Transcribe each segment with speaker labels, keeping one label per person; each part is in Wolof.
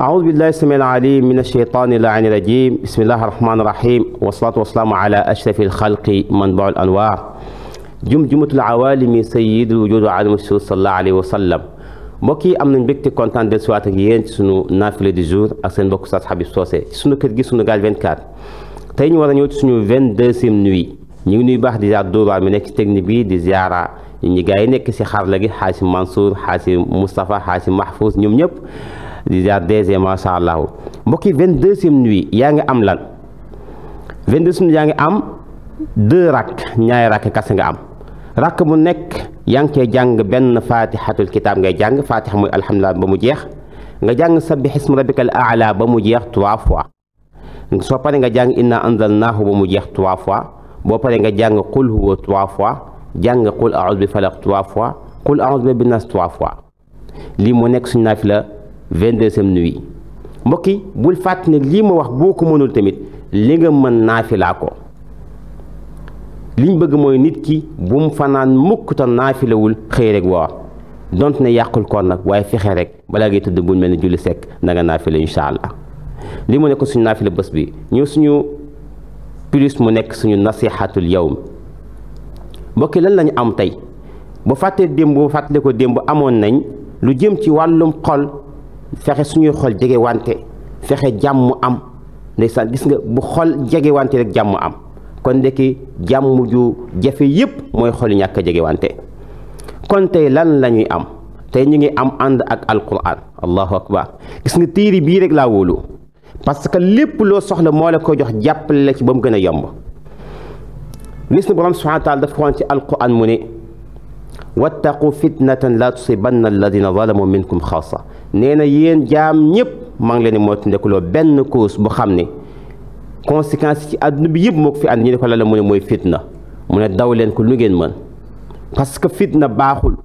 Speaker 1: أعوذ بالله السميع العليم من الشيطان اللعين الرجيم بسم الله الرحمن الرحيم والصلاة والسلام على أشرف الخلق منبع الأنوار جمجمة العوالم سيد الوجود وعالم الشهود صلى الله عليه وسلم mbokk yi am nañ mbégte kontaan del siwaat ak yéen ci sunu naafile du jour ak seen mbokk Oustaz Habib Socé ci sunu kër gi sunu gaal 24 tey ñu war a ñëw ci suñu 22e nuit ñu ngi nuy baax di ziar Dóor mi nekk ci technique bi di ziara ñi gars yi nekk ci xarala gi xaasi Mansour xaasi Moustapha xaasi Mahfouz ñoom ñëpp di ziar DG macha allahu mbokk yi vingt deuxième nuit yaa ngi am lan vingt deuxième nuit yaa ngi am deux rakk ñaari rakk kas nga am rakk bu nekk yaa ngi koy jàng benn faatixatul kitaab ngay jàng faatixa mooy alhamdulilah ba mu jeex nga jàng sabbih isma rabbikal aala ba mu jeex trois fois soo pare nga jàng inna anzalnaahu ba mu jeex trois fois boo paree nga jàng qul huwa trois fois jàng qul a'uudu bi falaq trois fois qul a'uudu bi nas trois fois lii moo nekk suñu naafila 22e nuit mbokk yi bul fàtte ne lii ma wax boo ko mënul tamit li nga mën naafilaa ko liñ bëgg mooy nit ki bu fanaan mukk te naafilawul xëy rek woor donte ne yàqul koor nag waaye fexe rek balaa ngay tëdd buñ mel na julli sekk na nga naafila incha allah li mu nekk suñu naafila bés bi ñëw suñu plus mu nekk suñu nasihatul yawm mbokk yi lan lañu am tey bu fàttee démb bu fàttale ko démb amoon nañ lu jëm ci wàllum xol fexe suñuy xol jege wante fexe jàmm am ndeysaan gis nga bu xol jegewante wante jàmm am kon ndekki jàmm ju jafe yépp mooy xoli ñàkk a kon tey lan lañuy am tey ñu ngi am ànd ak alquran allahu akbar gis nga téere bii rek laa wóolu parce que lépp loo soxla moo la ko jox jàppale la ci ba mu gën a yomb gis nga borom subhanahu wa taala daf ko ci alquran mu ne wattaqu fitnatan la tusibanna alladina zalamu minkum sax nee na yéen jaam ñëpp maa ngi leen di moytandikuloo benn cause bu xam ne conséquence ci àdduna bi yëpp moo ko fi ànd ñu ne ko la la mu ne mooy fitna mu ne daw leen ko lu ngeen mën parce que fitna baaxul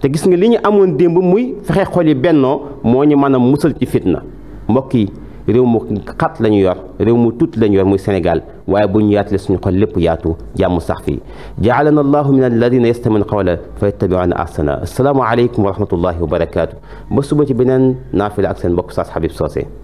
Speaker 1: te gis nga li ñu amoon démb muy fexe xol yi bennoo moo ñu mën a musal ci fitna mbokk yi réew mu xat la ñu yor réew mu tuuti la ñu yor muy Sénégal waaye bu ñu yaatale suñu xol lépp yaatu jàmm sax fii jaalana allahu min alladina yastamiuna qawla fa yattabiuna ahsana assalaamu aleykum wa rahmatullahi wa barakaatu ba suba ci beneen naafila ak seen mbokk Oustaz Habib Socé